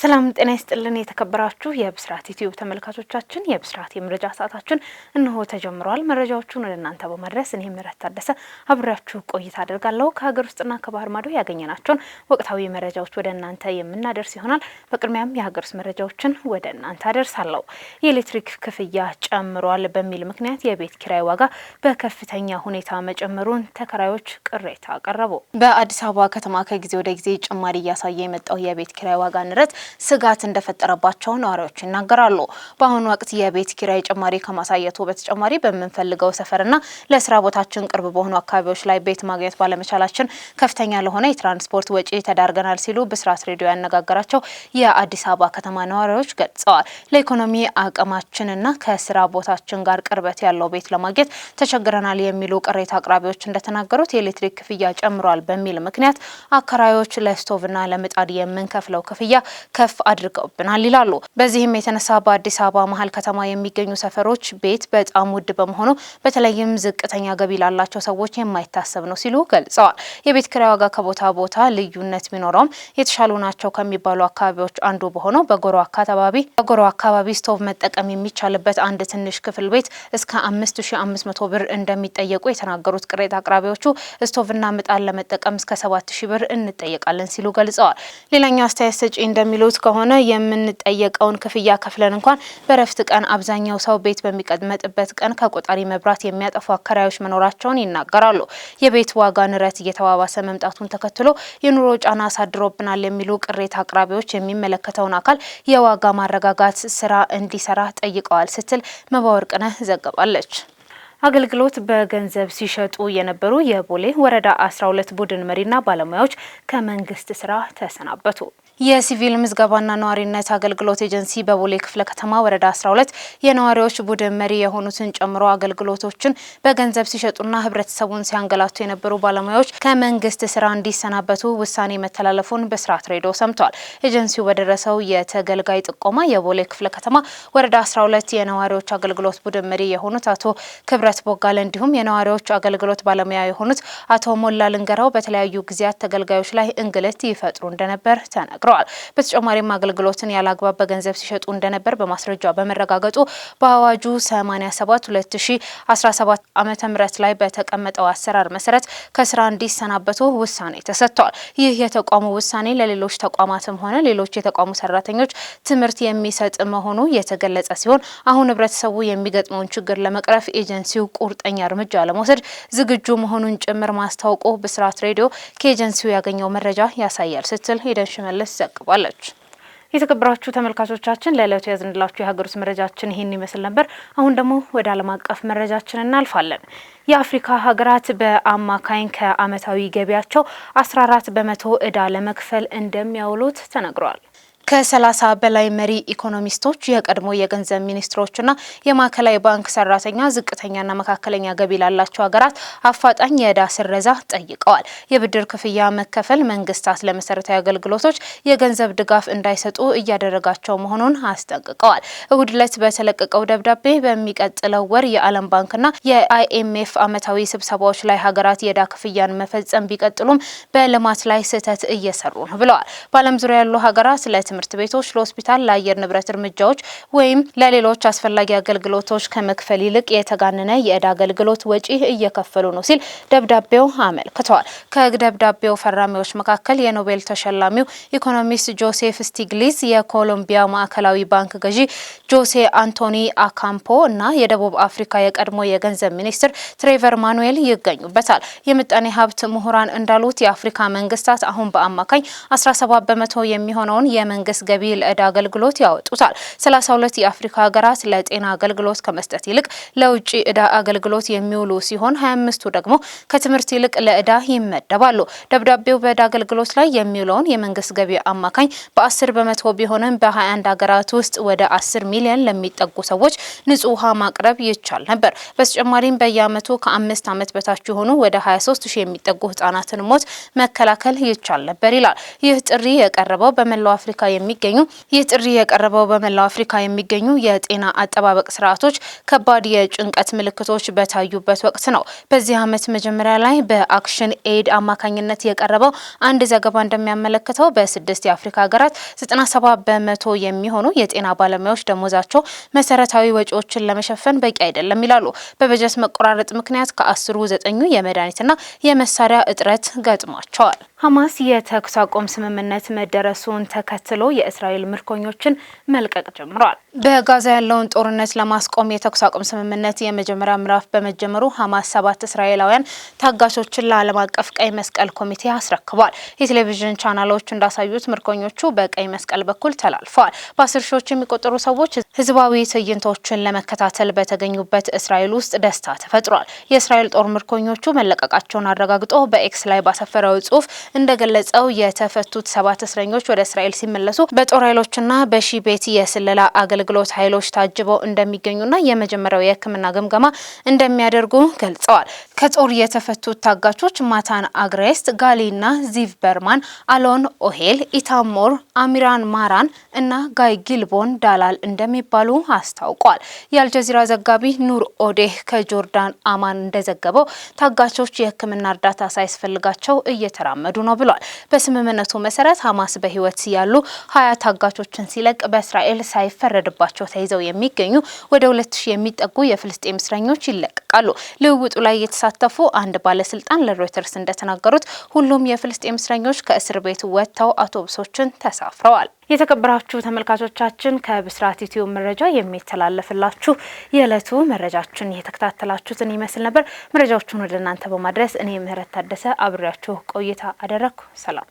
ሰላም ጤና ይስጥልን። የተከበራችሁ የብስራት ዩቲዩብ ተመልካቾቻችን የብስራት የመረጃ ሰዓታችን እነሆ ተጀምሯል። መረጃዎቹን ወደ እናንተ በማድረስ እኔ ምህረት ታደሰ አብሬያችሁ ቆይታ አደርጋለሁ። ከሀገር ውስጥና ከባህር ማዶ ያገኘናቸውን ወቅታዊ መረጃዎች ወደ እናንተ የምናደርስ ይሆናል። በቅድሚያም የሀገር ውስጥ መረጃዎችን ወደ እናንተ አደርሳለሁ። የኤሌክትሪክ ክፍያ ጨምሯል በሚል ምክንያት የቤት ኪራይ ዋጋ በከፍተኛ ሁኔታ መጨመሩን ተከራዮች ቅሬታ አቀረቡ። በአዲስ አበባ ከተማ ከጊዜ ወደ ጊዜ ጭማሪ እያሳየ የመጣው የቤት ኪራይ ዋጋ ንረት ስጋት እንደፈጠረባቸው ነዋሪዎች ይናገራሉ። በአሁኑ ወቅት የቤት ኪራይ ጭማሪ ከማሳየቱ በተጨማሪ በምንፈልገው ሰፈርና ለስራ ቦታችን ቅርብ በሆኑ አካባቢዎች ላይ ቤት ማግኘት ባለመቻላችን ከፍተኛ ለሆነ የትራንስፖርት ወጪ ተዳርገናል ሲሉ ብስራት ሬዲዮ ያነጋገራቸው የአዲስ አበባ ከተማ ነዋሪዎች ገልጸዋል። ለኢኮኖሚ አቅማችንና ከስራ ቦታችን ጋር ቅርበት ያለው ቤት ለማግኘት ተቸግረናል የሚሉ ቅሬታ አቅራቢዎች እንደተናገሩት የኤሌክትሪክ ክፍያ ጨምሯል በሚል ምክንያት አከራዮች ለስቶቭና ለምጣድ የምንከፍለው ክፍያ ከፍ አድርገውብናል ይላሉ። በዚህም የተነሳ በአዲስ አበባ መሀል ከተማ የሚገኙ ሰፈሮች ቤት በጣም ውድ በመሆኑ በተለይም ዝቅተኛ ገቢ ላላቸው ሰዎች የማይታሰብ ነው ሲሉ ገልጸዋል። የቤት ክራይ ዋጋ ከቦታ ቦታ ልዩነት ቢኖረውም የተሻሉ ናቸው ከሚባሉ አካባቢዎች አንዱ በሆነው በጎሮ አካባቢ በጎሮ አካባቢ ስቶቭ መጠቀም የሚቻልበት አንድ ትንሽ ክፍል ቤት እስከ አምስት ሺ አምስት መቶ ብር እንደሚጠየቁ የተናገሩት ቅሬታ አቅራቢዎቹ ስቶቭና ምጣድ ለመጠቀም እስከ ሰባት ሺ ብር እንጠየቃለን ሲሉ ገልጸዋል። ሌላኛው አስተያየት ሰጪ እንደሚ እንደሚሉት ከሆነ የምንጠየቀውን ክፍያ ከፍለን እንኳን በረፍት ቀን አብዛኛው ሰው ቤት በሚቀመጥበት ቀን ከቆጣሪ መብራት የሚያጠፉ አከራዮች መኖራቸውን ይናገራሉ። የቤት ዋጋ ንረት እየተባባሰ መምጣቱን ተከትሎ የኑሮ ጫና አሳድሮብናል የሚሉ ቅሬታ አቅራቢዎች የሚመለከተውን አካል የዋጋ ማረጋጋት ስራ እንዲሰራ ጠይቀዋል ስትል መባወርቅነህ ዘግባለች። አገልግሎት በገንዘብ ሲሸጡ የነበሩ የቦሌ ወረዳ 12 ቡድን መሪና ባለሙያዎች ከመንግስት ስራ ተሰናበቱ። የሲቪል ምዝገባና ነዋሪነት አገልግሎት ኤጀንሲ በቦሌ ክፍለ ከተማ ወረዳ 12 የነዋሪዎች ቡድን መሪ የሆኑትን ጨምሮ አገልግሎቶችን በገንዘብ ሲሸጡና ህብረተሰቡን ሲያንገላቱ የነበሩ ባለሙያዎች ከመንግስት ስራ እንዲሰናበቱ ውሳኔ መተላለፉን በስርዓት ሬዲዮ ሰምተዋል። ኤጀንሲው በደረሰው የተገልጋይ ጥቆማ የቦሌ ክፍለ ከተማ ወረዳ 12 የነዋሪዎች አገልግሎት ቡድን መሪ የሆኑት አቶ ክብረት ቦጋለ እንዲሁም የነዋሪዎች አገልግሎት ባለሙያ የሆኑት አቶ ሞላ ልንገራው በተለያዩ ጊዜያት ተገልጋዮች ላይ እንግልት ይፈጥሩ እንደነበር ተናግረዋል። ተናግረዋል። በተጨማሪም አገልግሎትን ያለአግባብ በገንዘብ ሲሸጡ እንደነበር በማስረጃ በመረጋገጡ በአዋጁ 87 2017 ዓመተ ላይ በተቀመጠው አሰራር መሰረት ከስራ እንዲሰናበቱ ውሳኔ ተሰጥቷል። ይህ የተቋሙ ውሳኔ ለሌሎች ተቋማትም ሆነ ሌሎች የተቋሙ ሰራተኞች ትምህርት የሚሰጥ መሆኑ የተገለጸ ሲሆን አሁን ህብረተሰቡ የሚገጥመውን ችግር ለመቅረፍ ኤጀንሲው ቁርጠኛ እርምጃ ለመውሰድ ዝግጁ መሆኑን ጭምር ማስታወቁ ብስራት ሬዲዮ ከኤጀንሲው ያገኘው መረጃ ያሳያል ስትል ሄደን ሽመልስ ትዘግባለች። የተከበራችሁ ተመልካቾቻችን ለዕለቱ ያዝንላችሁ የሀገር ውስጥ መረጃችን ይህን ይመስል ነበር። አሁን ደግሞ ወደ ዓለም አቀፍ መረጃችን እናልፋለን። የአፍሪካ ሀገራት በአማካኝ ከአመታዊ ገቢያቸው 14 በመቶ ዕዳ ለመክፈል እንደሚያውሉት ተነግሯል። ከሰላሳ በላይ መሪ ኢኮኖሚስቶች የቀድሞ የገንዘብ ሚኒስትሮችና የማዕከላዊ ባንክ ሰራተኛ ዝቅተኛና መካከለኛ ገቢ ላላቸው ሀገራት አፋጣኝ የዕዳ ስረዛ ጠይቀዋል። የብድር ክፍያ መከፈል መንግስታት ለመሰረታዊ አገልግሎቶች የገንዘብ ድጋፍ እንዳይሰጡ እያደረጋቸው መሆኑን አስጠንቅቀዋል። እሁድ ዕለት በተለቀቀው ደብዳቤ በሚቀጥለው ወር የዓለም ባንክና የአይኤምኤፍ ዓመታዊ ስብሰባዎች ላይ ሀገራት የዕዳ ክፍያን መፈጸም ቢቀጥሉም በልማት ላይ ስህተት እየሰሩ ነው ብለዋል። በዓለም ዙሪያ ያሉ ሀገራት ለትምህርት ቤቶች፣ ለሆስፒታል፣ ለአየር ንብረት እርምጃዎች ወይም ለሌሎች አስፈላጊ አገልግሎቶች ከመክፈል ይልቅ የተጋነነ የዕዳ አገልግሎት ወጪ እየከፈሉ ነው ሲል ደብዳቤው አመልክተዋል። ከደብዳቤው ፈራሚዎች መካከል የኖቤል ተሸላሚው ኢኮኖሚስት ጆሴፍ ስቲግሊዝ፣ የኮሎምቢያ ማዕከላዊ ባንክ ገዢ ጆሴ አንቶኒ አካምፖ እና የደቡብ አፍሪካ የቀድሞ የገንዘብ ሚኒስትር ትሬቨር ማኑኤል ይገኙበታል። የምጣኔ ሀብት ምሁራን እንዳሉት የአፍሪካ መንግስታት አሁን በአማካኝ 17 በመቶ የሚሆነውን የመንግስት መንግስት ገቢ ለዕዳ አገልግሎት ያወጡታል። 32 የአፍሪካ ሀገራት ለጤና አገልግሎት ከመስጠት ይልቅ ለውጭ እዳ አገልግሎት የሚውሉ ሲሆን 25ቱ ደግሞ ከትምህርት ይልቅ ለዕዳ ይመደባሉ። ደብዳቤው በዕዳ አገልግሎት ላይ የሚውለውን የመንግስት ገቢ አማካኝ በ በ10 በመቶ ቢሆንም በ21 ሀገራት ውስጥ ወደ 10 ሚሊዮን ለሚጠጉ ሰዎች ንጹህ ውሃ ማቅረብ ይቻል ነበር። በተጨማሪም በየአመቱ ከአምስት ዓመት በታች የሆኑ ወደ 23 ሺህ የሚጠጉ ህጻናትን ሞት መከላከል ይቻል ነበር ይላል። ይህ ጥሪ የቀረበው በመላው አፍሪካ የሚገኙ ይህ ጥሪ የቀረበው በመላው አፍሪካ የሚገኙ የጤና አጠባበቅ ስርዓቶች ከባድ የጭንቀት ምልክቶች በታዩበት ወቅት ነው። በዚህ ዓመት መጀመሪያ ላይ በአክሽን ኤድ አማካኝነት የቀረበው አንድ ዘገባ እንደሚያመለክተው በስድስት የአፍሪካ ሀገራት 97 በመቶ የሚሆኑ የጤና ባለሙያዎች ደሞዛቸው መሰረታዊ ወጪዎችን ለመሸፈን በቂ አይደለም ይላሉ። በበጀት መቆራረጥ ምክንያት ከአስሩ ዘጠኙ የመድኃኒትና የመሳሪያ እጥረት ገጥሟቸዋል። ሐማስ የተኩስ አቁም ስምምነት መደረሱን ተከትሎ የእስራኤል ምርኮኞችን መልቀቅ ጀምሯል። በጋዛ ያለውን ጦርነት ለማስቆም የተኩስ አቁም ስምምነት የመጀመሪያ ምዕራፍ በመጀመሩ ሐማስ ሰባት እስራኤላውያን ታጋቾችን ለዓለም አቀፍ ቀይ መስቀል ኮሚቴ አስረክቧል። የቴሌቪዥን ቻናሎች እንዳሳዩት ምርኮኞቹ በቀይ መስቀል በኩል ተላልፈዋል። በአስር ሺዎች የሚቆጠሩ ሰዎች ህዝባዊ ትዕይንቶችን ለመከታተል በተገኙበት እስራኤል ውስጥ ደስታ ተፈጥሯል። የእስራኤል ጦር ምርኮኞቹ መለቀቃቸውን አረጋግጦ በኤክስ ላይ ባሰፈረው ጽሁፍ እንደገለጸው የተፈቱት ሰባት እስረኞች ወደ እስራኤል ሲመለሱ በጦር ኃይሎችና በሺ ቤት የስለላ አገልግሎት ኃይሎች ታጅበው እንደሚገኙና የመጀመሪያው የሕክምና ግምገማ እንደሚያደርጉ ገልጸዋል። ከጦር የተፈቱት ታጋቾች ማታን አግሬስት፣ ጋሊና ዚቭ በርማን፣ አሎን ኦሄል፣ ኢታሞር አሚራን ማራን እና ጋይ ጊልቦን ዳላል እንደሚባሉ አስታውቋል። የአልጀዚራ ዘጋቢ ኑር ኦዴህ ከጆርዳን አማን እንደዘገበው ታጋቾች የሕክምና እርዳታ ሳይስፈልጋቸው እየተራመዱ እየተካሄዱ ነው ብሏል። በስምምነቱ መሰረት ሀማስ በህይወት ያሉ ሀያ ታጋቾችን ሲለቅ በእስራኤል ሳይፈረድባቸው ተይዘው የሚገኙ ወደ ሁለት ሺህ የሚጠጉ የፍልስጤም እስረኞች ይለቀቃሉ። ልውውጡ ላይ የተሳተፉ አንድ ባለስልጣን ለሮይተርስ እንደተናገሩት ሁሉም የፍልስጤም እስረኞች ከእስር ቤት ወጥተው አውቶቡሶችን ተሳፍረዋል። የተከበራችሁ ተመልካቾቻችን ከብስራት ዩቲዩብ መረጃ የሚተላለፍላችሁ የዕለቱ መረጃችን የተከታተላችሁትን ይመስል ነበር። መረጃዎቹን ወደ እናንተ በማድረስ እኔ ምህረት ታደሰ አብሬያችሁ ቆይታ አደረግኩ። ሰላም